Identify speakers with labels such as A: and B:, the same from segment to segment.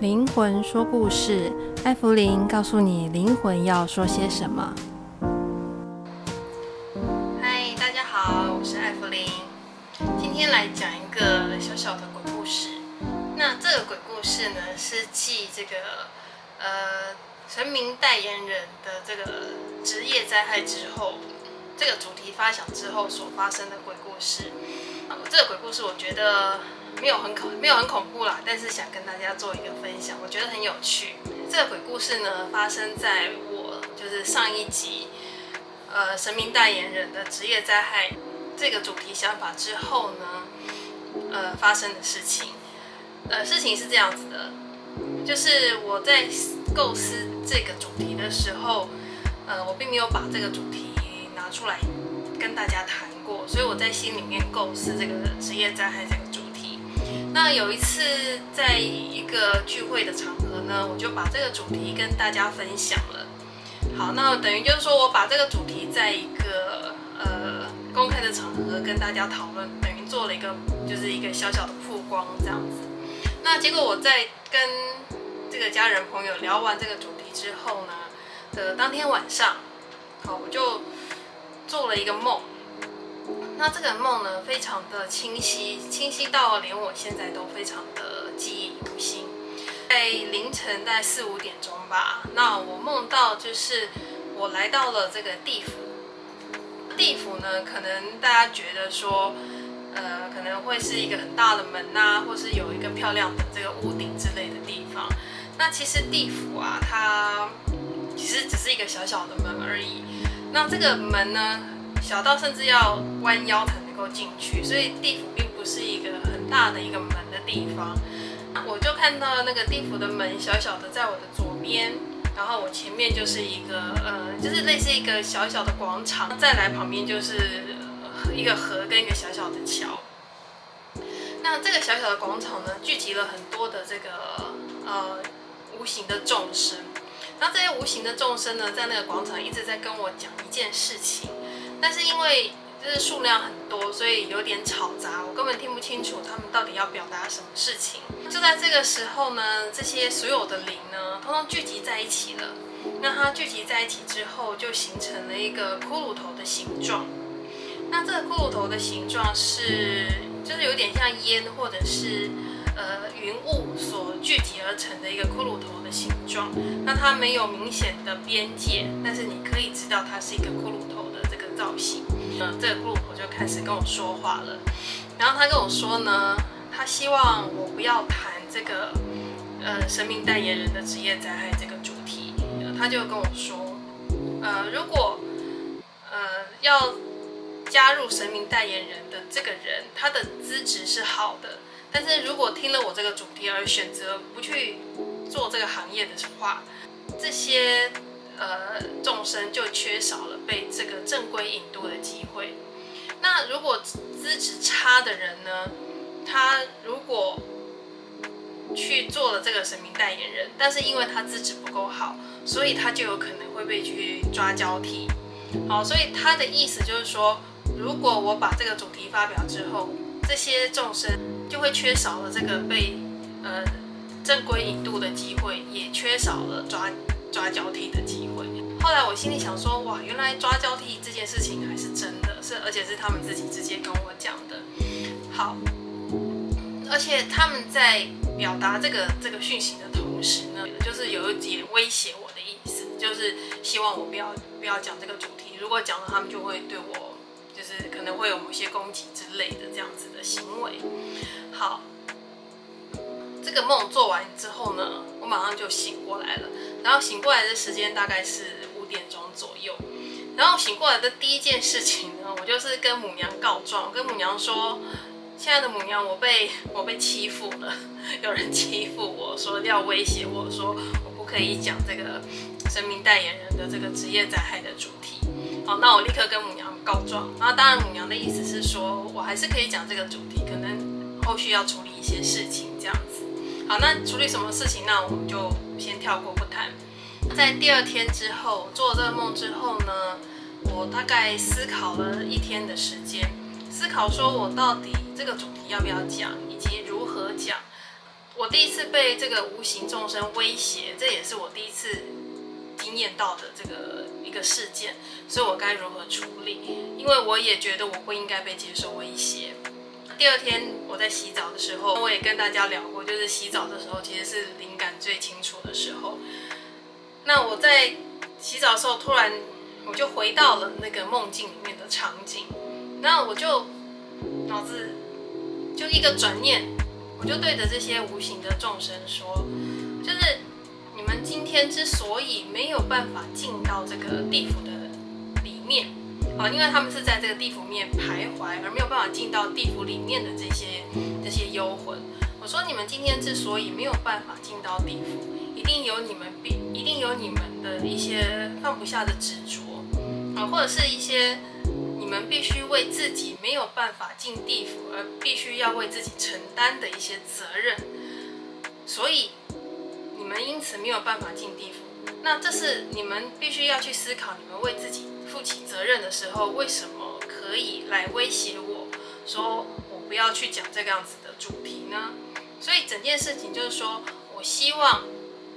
A: 靈魂說故事，艾芙靈告訴你靈魂要說些什麼。嗨，大家好，我是艾芙靈，今天來講一個小小的鬼故事。那這個鬼故事呢，是繼這個呃神明代言人的這個職業災害之後，這個主題發想之後所發生的鬼故事。呃，這個鬼故事，我覺得。沒有很恐，沒有很恐怖啦，但是想跟大家做一個分享，我覺得很有趣。這個鬼故事呢，發生在我就是上一集，呃，神明代言人的職業災害這個主題想法之後呢，呃，發生的事情，呃，事情是這樣子的，就是我在構思這個主題的時候，呃，我並沒有把這個主題拿出來跟大家談過，所以我在心裡面構思這個職業災害這個主題。那有一次，在一個聚會的場合呢，我就把這個主題跟大家分享了。好，那等於就是說我把這個主題在一個呃公開的場合跟大家討論，等於做了一個就是一個小小的曝光這樣子。那結果我在跟這個家人朋友聊完這個主題之後呢，的、呃、當天晚上，好，我就做了一個夢。那這個夢呢，非常的清晰，清晰到連我現在都非常的記憶猶新。在凌晨在四五點鐘吧，那我夢到就是我來到了這個地府。地府呢，可能大家覺得說，呃，可能會是一個很大的門吶、啊，或是有一個漂亮的這個屋頂之類的地方。那其實地府啊，它其實只是一個小小的門而已。那這個門呢，小到甚至要彎腰才能夠進去，所以地府並不是一個很大的一個門的地方。我就看到那個地府的門小小的在我的左邊，然後我前面就是一個呃，就是類似一個小小的廣場，再來旁邊就是，呃，一個河跟一個小小的橋。那這個小小的廣場呢，聚集了很多的這個呃無形的眾生。那這些無形的眾生呢，在那個廣場一直在跟我講一件事情。但是因為就是數量很多，所以有點吵雜，我根本聽不清楚他們到底要表達什麼事情。就在這個時候呢，這些所有的靈呢，通通聚集在一起了。那它聚集在一起之後，就形成了一個骷髏頭的形狀。那這個骷髏頭的形狀是，就是有點像煙或者是，呃，雲霧所聚集而成的一個骷髏頭的形狀。那它沒有明顯的邊界，但是你可以知道它是一個骷髏頭。造型，嗯，呃，這個顧客就開始跟我說話了，然後他跟我說呢，他希望我不要談這個，呃，神明代言人的職業災害這個主題，呃，他就跟我說，呃，如果，呃，要加入神明代言人的這個人，他的資質是好的，但是如果聽了我這個主題而選擇不去做這個行業的話，這些。呃，眾生就缺少了被這個正規引渡的機會。那如果資質差的人呢，他如果去做了這個神明代言人，但是因為他資質不夠好，所以他就有可能會被去抓交替。好，所以他的意思就是說，如果我把這個主題發表之後，這些眾生就會缺少了這個被呃正規引渡的機會，也缺少了抓。抓交替的機會。後來我心裡想說，哇，原來抓交替這件事情還是真的是，而且是他們自己直接跟我講的。好，而且他們在表達這個這個訊息的同時呢，就是有一點威脅我的意思，就是希望我不要不要講這個主題，如果講了，他們就會對我就是可能會有某些攻擊之類的這樣子的行為。好，這個夢做完之後呢，我馬上就醒過來了。然後醒過來的時間大概是五點鐘左右，然後醒過來的第一件事情呢，我就是跟母娘告狀，我跟母娘說，現在的母娘我被我被欺負了，有人欺負我說要威脅我說我不可以講這個神明代言人的這個職業災害的主題，好，那我立刻跟母娘告狀，然後當然母娘的意思是說我還是可以講這個主題，可能後續要處理一些事情這樣子，好，那處理什麼事情，那我們就。先跳過不談，在第二天之後做這個夢之後呢，我大概思考了一天的時間，思考說我到底這個主題要不要講，以及如何講。我第一次被這個無形眾生威脅，這也是我第一次經驗到的這個一個事件，所以我該如何處理？因為我也覺得我不應該被接受威脅。第二天我在洗澡的時候，我也跟大家聊過，就是洗澡的時候其實是靈感最清楚的時候。那我在洗澡的時候，突然我就回到了那個夢境裡面的場景，那我就腦子就一個轉念，我就對着這些無形的眾生說，就是你們今天之所以沒有辦法進到這個地府。因為他們是在這個地府面徘徊，而沒有辦法進到地府裡面的這些這些幽魂。我說，你們今天之所以沒有辦法進到地府，一定有你們必一定有你們的一些放不下的執着，啊、呃，或者是一些你們必須為自己沒有辦法進地府而必須要為自己承擔的一些責任，所以你們因此沒有辦法進地府。那這是你們必須要去思考，你們為自己。負起責任的時候，為什麼可以來威脅我，說我不要去講這個樣子的主題呢？所以整件事情就是說，我希望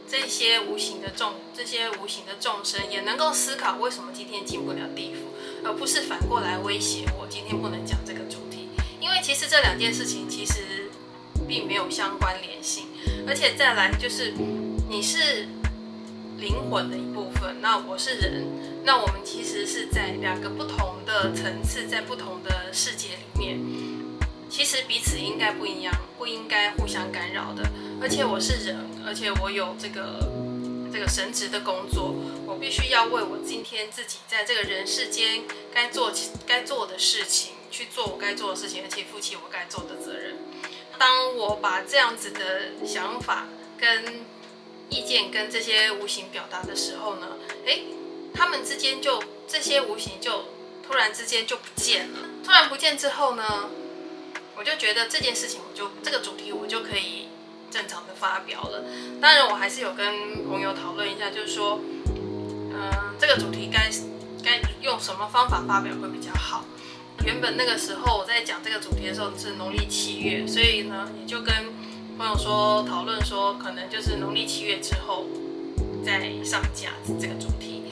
A: 這些無形的眾，這些無形的眾生也能夠思考，為什麼今天進不了地府，而不是反過來威脅我今天不能講這個主題。因為其實這兩件事情其實並沒有相關聯性，而且再來就是你是靈魂的一部分。那我是人，那我們其實是在兩個不同的層次，在不同的世界裡面，其實彼此應該不一樣，不應該互相干擾的。而且我是人，而且我有這個這個神職的工作，我必須要為我今天自己在這個人世間該做該做的事情去做我該做的事情，而且負起我該做的責任。當我把這樣子的想法跟意見跟這些無形表達的時候呢，誒，他們之間就這些無形就突然之間就不見了。突然不見之後呢，我就覺得這件事情，我就這個主題我就可以正常的發表了。當然，我還是有跟朋友討論一下，就是說，嗯、呃，這個主題該該用什麼方法發表會比較好。原本那個時候我在講這個主題的時候是農曆七月，所以呢，也就跟朋友說，討論說，可能就是農曆七月之後再上架這個主題。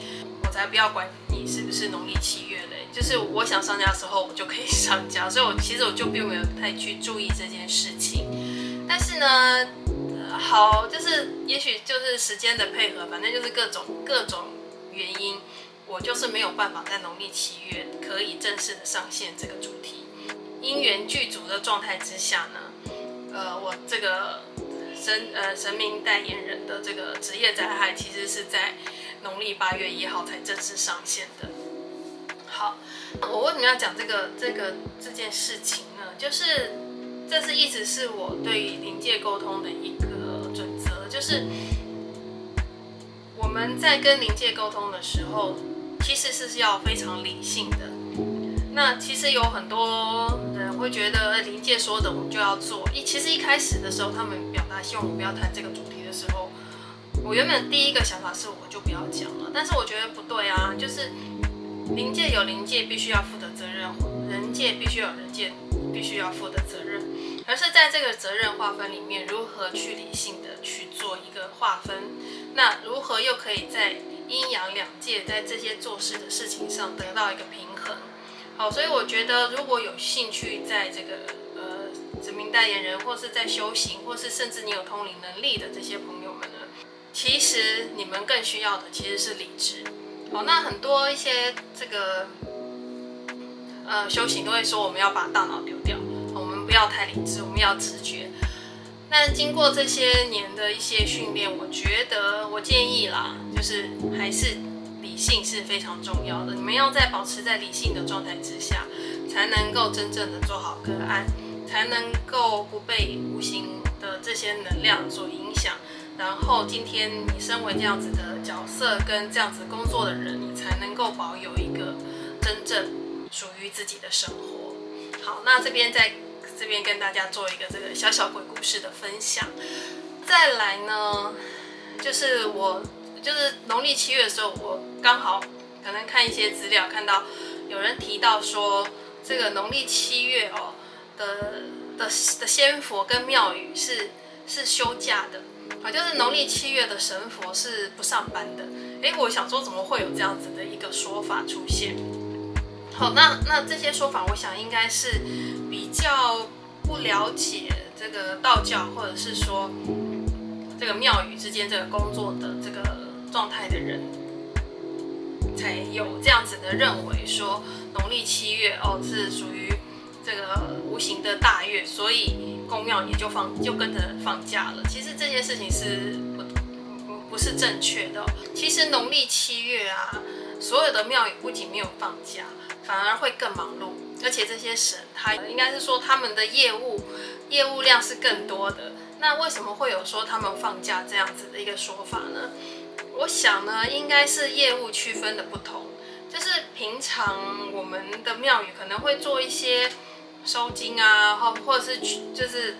A: 我才不要管你是不是農曆七月嘞，就是我想上架的時候我就可以上架。所以我，我其實我就並沒有太去注意這件事情。但是呢，好，就是也許就是時間的配合，反正就是各種各種原因，我就是沒有辦法在農曆七月可以正式的上線這個主題。因緣具足的狀態之下呢，呃，我這個神呃神明代言人的這個職業災害，其實是在農曆八月一號才正式上線的。好，我為什麼要講這個這個這件事情呢？就是這是一直是我對於靈界溝通的一個準則，就是我們在跟靈界溝通的時候，其實是要非常理性的。那其實有很多人會覺得靈界說的我就要做，一其實一開始的時候他們表達希望我不要談這個主題的時候，我原本第一個想法是我就不要講了，但是我覺得不對啊，就是靈界有靈界必須要負的責任，人界必須有人界必須要負的責任，而是在這個責任劃分裡面，如何去理性的去做一個劃分，那如何又可以在陰陽兩界在這些做事的事情上得到一個平衡？好，所以我覺得如果有興趣在這個呃神明代言人，或是在修行，或是甚至你有通靈能力的這些朋友們呢，其實你們更需要的其實是理智。好，那很多一些這個呃修行都會說我們要把大腦丟掉，我們不要太理智，我們要直覺。那經過這些年的一些訓練，我覺得我建議啦，就是還是。性是非常重要的，你們要在保持在理性的狀態之下，才能夠真正的做好個案，才能夠不被無形的這些能量所影響。然後今天你身為這樣子的角色跟這樣子工作的人，你才能夠保有一個真正屬於自己的生活。好，那這邊再這邊跟大家做一個這個小小鬼故事的分享。再來呢，就是我。就是農曆七月的時候，我剛好可能看一些資料，看到有人提到說，這個農曆七月哦的的的仙佛跟廟宇是是休假的，啊，就是農曆七月的神佛是不上班的。誒，我想說，怎麼會有這樣子的一個說法出現？好，那那這些說法，我想應該是比較不了解這個道教，或者是說這個廟宇之間這個工作的這個。狀態的人，才有這樣子的認為說，農曆七月哦是屬於這個無形的大月，所以公廟也就放就跟着放假了。其實這件事情是不不是正確的哦。其實農曆七月啊，所有的廟宇不僅沒有放假，反而會更忙碌。而且這些神他應該是說他們的業務業務量是更多的。那為什麼會有說他們放假這樣子的一個說法呢？我想呢，應該是業務區分的不同，就是平常我們的廟宇可能會做一些收驚啊，或者、就是、啊或者是驅，就是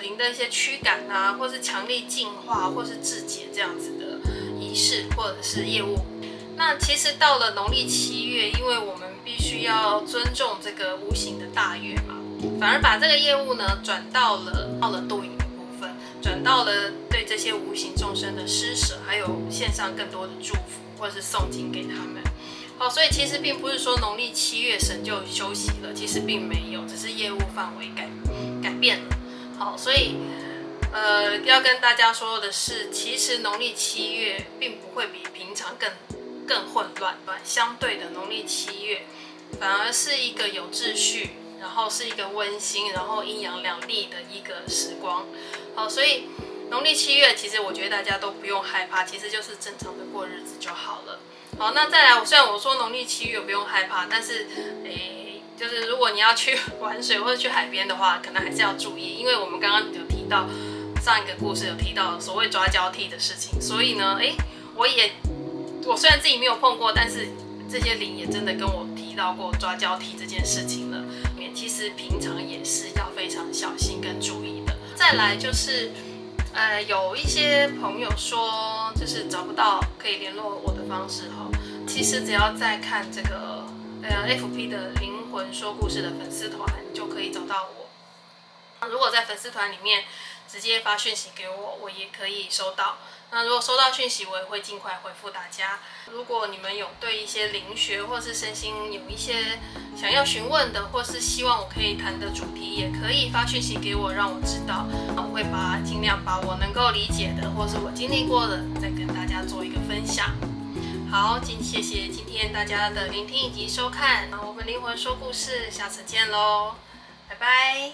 A: 靈的一些驅趕啊，或是強力淨化，或者是制解這樣子的儀式或者是業務。那其實到了農曆七月，因為我們必須要尊重這個無形的大月嘛，反而把這個業務呢轉到了到了度陰的部分，轉到了。這些無形眾生的施捨，還有獻上更多的祝福，或是誦經給他們。好，所以其實並不是說農曆七月神就休息了，其實並沒有，只是業務範圍改改變了。好，所以呃，要跟大家說的是，其實農曆七月並不會比平常更更混亂，相對的農曆七月反而是一個有秩序，然後是一個溫馨，然後陰陽兩立的一個時光。好，所以。農曆七月，其實我覺得大家都不用害怕，其實就是正常的過日子就好了。好，那再來，雖然我說農曆七月不用害怕，但是，誒，就是如果你要去玩水或者去海邊的話，可能還是要注意，因為我們剛剛有提到上一個故事有提到所謂抓交替的事情，所以呢，誒，我也，我雖然自己沒有碰過，但是這些靈也真的跟我提到過抓交替這件事情了，也其實平常也是要非常小心跟注意的。再來就是。呃，有一些朋友說，就是找不到可以聯絡我的方式哦，其實只要再看這個 FB，呃，FB 的靈魂說故事的粉絲團，就可以找到我。如果在粉絲團裡面直接發訊息給我，我也可以收到。那如果收到訊息，我也會盡快回復大家。如果你們有對一些靈學或是身心有一些想要詢問的，或是希望我可以談的主題，也可以發訊息給我，讓我知道。那我會把盡量把我能夠理解的，或是我經歷過的，再跟大家做一個分享。好，謝謝今天大家的聆聽以及收看。那我們靈魂說故事，下次見嘍，拜拜。